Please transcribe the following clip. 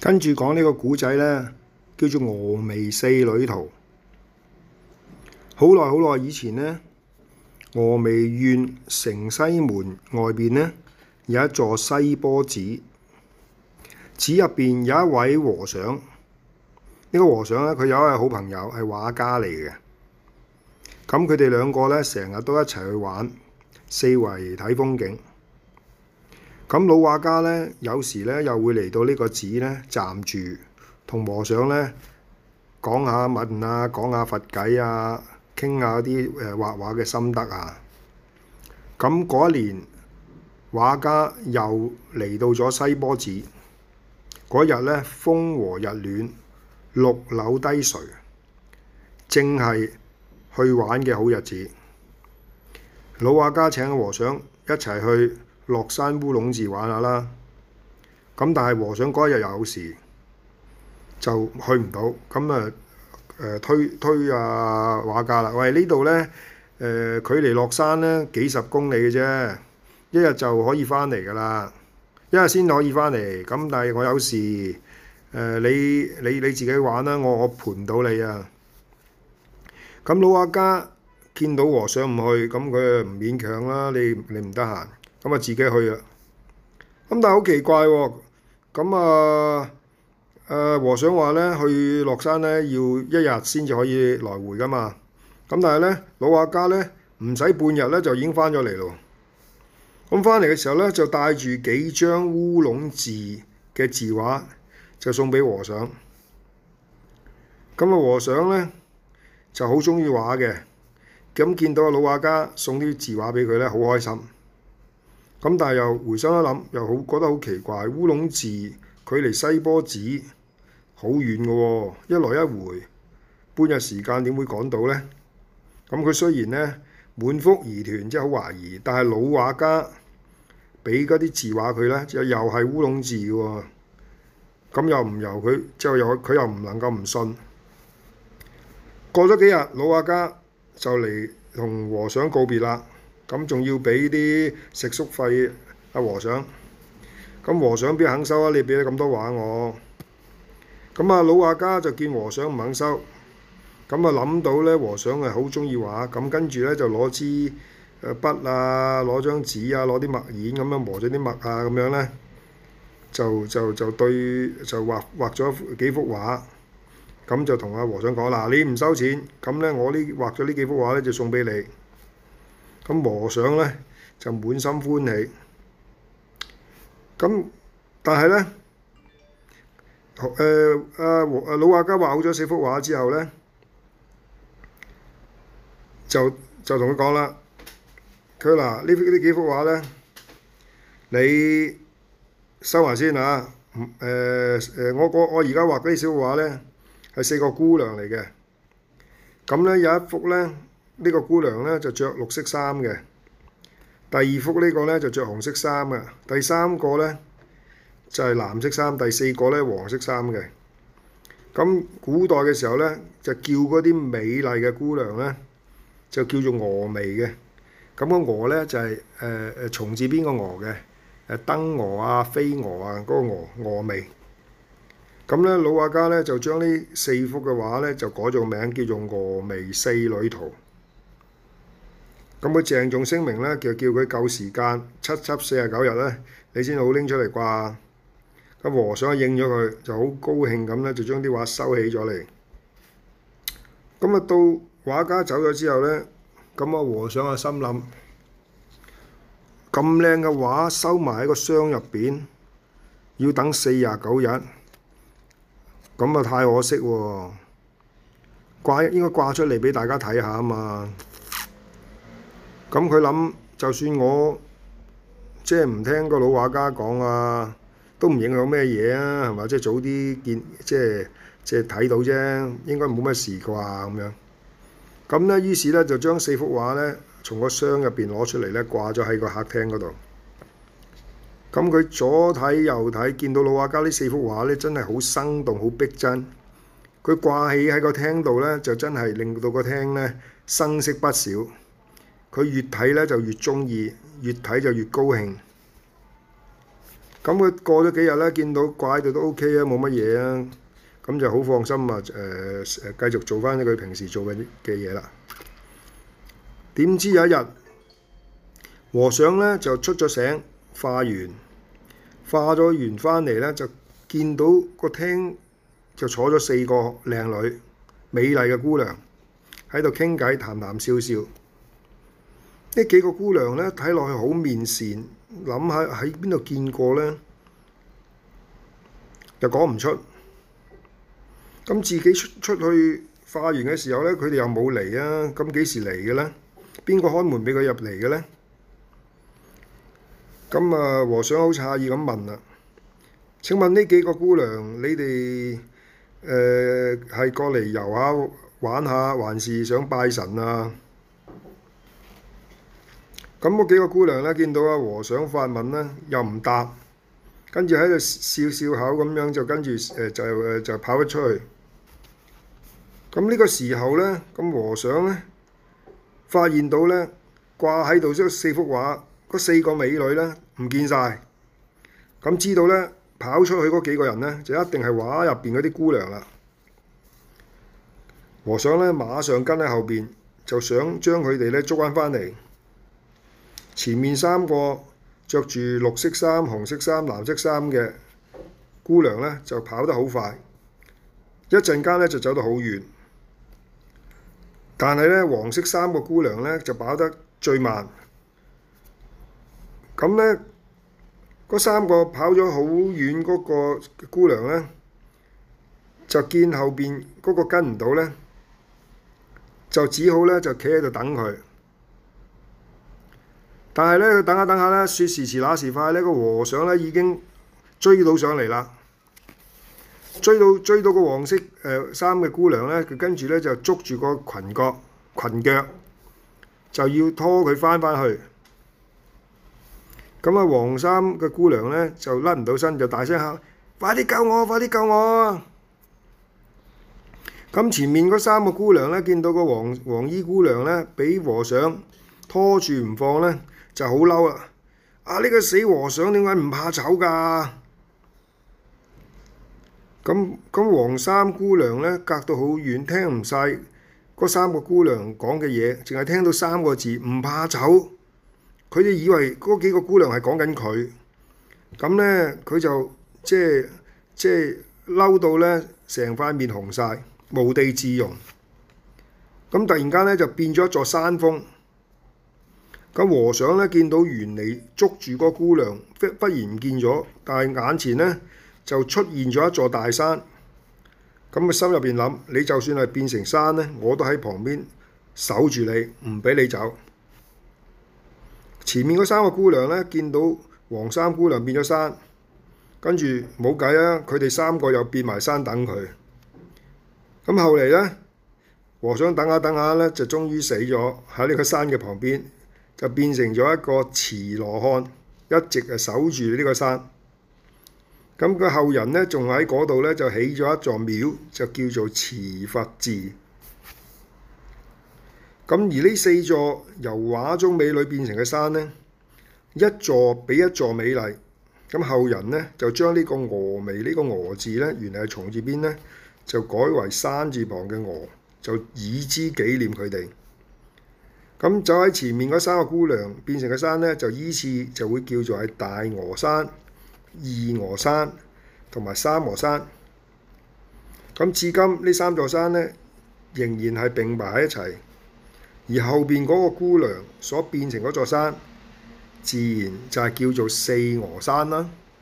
跟住講呢個古仔呢，叫做《峨眉四女圖》。好耐好耐以前呢，峨眉縣城西門外邊呢，有一座西波寺，寺入邊有一位和尚。呢、呢個和尚呢，佢有一位好朋友係畫家嚟嘅。咁佢哋兩個呢，成日都一齊去玩，四圍睇風景。咁老畫家咧，有時咧又會嚟到呢個寺咧暫住，同和尚咧講下問啊，講下佛偈啊，傾下啲誒、呃、畫畫嘅心得啊。咁嗰年，畫家又嚟到咗西波寺。嗰日咧風和日暖，綠柳低垂，正係去玩嘅好日子。老畫家請和尚一齊去。落山烏龍寺玩下啦，咁但係和尚嗰一日有事就去唔到，咁啊，誒推推阿畫家啦。喂，呢度咧誒距離落山咧幾十公里嘅啫，一日就可以翻嚟㗎啦。一日先可以翻嚟，咁但係我有事誒、呃，你你你自己玩啦，我我陪唔到你啊。咁老畫家見到和尚唔去，咁佢唔勉強啦。你你唔得閒。咁啊，自己去啦。咁但係好奇怪喎、哦！咁啊，誒、啊、和尚話咧，去落山咧要一日先至可以來回噶嘛。咁但係咧，老畫家咧唔使半日咧就已經翻咗嚟咯。咁翻嚟嘅時候咧，就帶住幾張烏龍字嘅字畫，就送俾和尚。咁啊，和尚咧就好中意畫嘅。咁見到個老畫家送啲字畫俾佢咧，好開心。咁但係又回想一諗，又好覺得好奇怪。烏龍寺距離西波寺好遠嘅喎、哦，一來一回，半日時間點會趕到咧？咁佢雖然咧滿腹疑團，即係好懷疑，但係老畫家畀嗰啲字畫佢咧，就是、又又係烏龍寺嘅喎。咁又唔由佢，之、就、後、是、又佢又唔能夠唔信。過咗幾日，老畫家就嚟同和，和尚告別啦。咁仲要俾啲食宿費阿和尚，咁和尚邊肯收啊？你俾咗咁多畫、啊、我，咁啊老畫家就見和尚唔肯收，咁啊諗到咧和尚係好中意畫，咁跟住咧就攞支誒筆啊，攞張紙啊，攞啲、啊、墨硯咁樣磨咗啲墨啊，咁樣咧就就就對就畫畫咗幾幅畫，咁就同阿和尚講嗱、啊，你唔收錢，咁咧我呢畫咗呢幾幅畫咧就送俾你。咁和尚咧就滿心歡喜。咁但係咧，誒阿阿老畫家畫好咗四幅畫之後咧，就就同佢講啦。佢嗱，呢呢幾幅畫咧，你收埋先嚇、啊。誒、呃、誒，我我而家畫嗰啲小畫咧，係四個姑娘嚟嘅。咁咧有一幅咧。呢個姑娘咧就着綠色衫嘅。第二幅呢個咧就着紅色衫嘅。第三個咧就係、是、藍色衫，第四個咧黃色衫嘅。咁、嗯、古代嘅時候咧就叫嗰啲美麗嘅姑娘咧就叫做娥眉嘅。咁個蛾咧就係誒誒從字邊個蛾嘅，誒燈蛾啊、飛蛾啊嗰、那個蛾娥眉。咁、嗯、咧老畫家咧就將呢四幅嘅畫咧就改咗個名叫做娥眉四女圖。咁佢鄭重聲明咧，就叫佢夠時間七七四十九日咧，你先好拎出嚟掛、啊？咁和尚啊應咗佢，就好高興咁咧，就將啲畫收起咗嚟。咁啊到畫家走咗之後咧，咁啊和尚啊心諗：咁靚嘅畫收埋喺個箱入邊，要等四十九日，咁啊太可惜喎！掛應該掛出嚟俾大家睇下啊嘛！咁佢諗，就算我即係唔聽個老畫家講啊，都唔影響咩嘢啊？係嘛，即係早啲見，即係即係睇到啫，應該冇乜事啩咁樣。咁咧，於是咧就將四幅畫咧從個箱入邊攞出嚟咧，掛咗喺個客廳嗰度。咁佢左睇右睇，見到老畫家呢四幅畫咧，真係好生動、好逼真。佢掛起喺個廳度咧，就真係令到個廳咧生色不少。佢越睇咧就越鍾意，越睇就越高興。咁佢過咗幾日咧，見到掛喺度都 O K 啦，冇乜嘢啦，咁就好放心啊！誒、呃、誒，繼續做翻佢平時做嘅嘅嘢啦。點知有一日，和尚咧就出咗醒化緣，化咗緣翻嚟咧就見到個廳就坐咗四個靚女、美麗嘅姑娘喺度傾偈、談談笑笑。呢幾個姑娘呢，睇落去好面善，諗下喺邊度見過呢？又講唔出。咁自己出出去化緣嘅時候呢，佢哋又冇嚟啊！咁幾時嚟嘅呢？邊個開門畀佢入嚟嘅呢？咁啊，和尚好詫異咁問啦啊：請問呢幾個姑娘，你哋誒係過嚟遊下玩下，還是想拜神啊？咁嗰幾個姑娘呢，見到和尚發問呢，又唔答，跟住喺度笑笑口咁樣，就跟住、呃就，呃、就跑咗出去。咁呢個時候呢，咁和尚呢，發現到呢掛喺度嗰四幅畫嗰四個美女呢，唔見晒。咁知道呢，跑出去嗰幾個人呢，就一定係畫入邊嗰啲姑娘啦。和尚呢，馬上跟喺後邊，就想將佢哋呢捉翻翻嚟。前面三個著住綠色衫、紅色衫、藍色衫嘅姑娘呢，就跑得好快，一陣間呢，就走得好遠。但係呢，黃色衫個姑娘呢，就跑得最慢。咁呢，嗰三個跑咗好遠嗰個姑娘呢，就見後邊嗰個跟唔到呢，就只好呢，就企喺度等佢。但係咧，佢等下等下咧，説時遲那時快，呢個和尚咧已經追到上嚟啦，追到追到個黃色誒衫嘅姑娘咧，佢跟住咧就捉住個裙角裙腳，就要拖佢翻翻去。咁啊，黃衫嘅姑娘咧就甩唔到身，就大聲喊：快啲救我！快啲救我！咁前面嗰三個姑娘咧，見到個黃黃衣姑娘咧，俾和尚拖住唔放咧，就好嬲啦！啊，呢個死和尚點解唔怕醜㗎？咁咁黃衫姑娘咧隔到好遠聽唔晒，嗰三個姑娘講嘅嘢，淨係聽到三個字唔怕醜，佢就以為嗰幾個姑娘係講緊佢。咁咧，佢就即係即係嬲到咧，成塊面紅晒，無地自容。咁突然間咧，就變咗一座山峰。咁和尚咧見到原嚟捉住個姑娘，忽然唔見咗，但係眼前咧就出現咗一座大山。咁佢心入邊諗：你就算係變成山咧，我都喺旁邊守住你，唔俾你走。前面嗰三個姑娘咧見到黃衫姑娘變咗山，跟住冇計啊！佢哋三個又變埋山等佢。咁後嚟咧，和尚等下等下咧，就終於死咗喺呢個山嘅旁邊。就變成咗一個慈羅漢，一直誒守住呢個山。咁佢後人呢，仲喺嗰度呢，就起咗一座廟，就叫做慈佛寺。咁而呢四座由畫中美女變成嘅山呢，一座比一座美麗。咁後人呢，就將呢個峨眉呢、呢個峨字呢，原嚟係從字邊呢，就改為山字旁嘅峨，就以之紀念佢哋。咁走喺前面嗰三個姑娘變成嘅山咧，就依次就會叫做係大峨山、二峨山同埋三峨山。咁至今呢三座山咧仍然係並埋喺一齊，而後邊嗰個姑娘所變成嗰座山，自然就係叫做四峨山啦。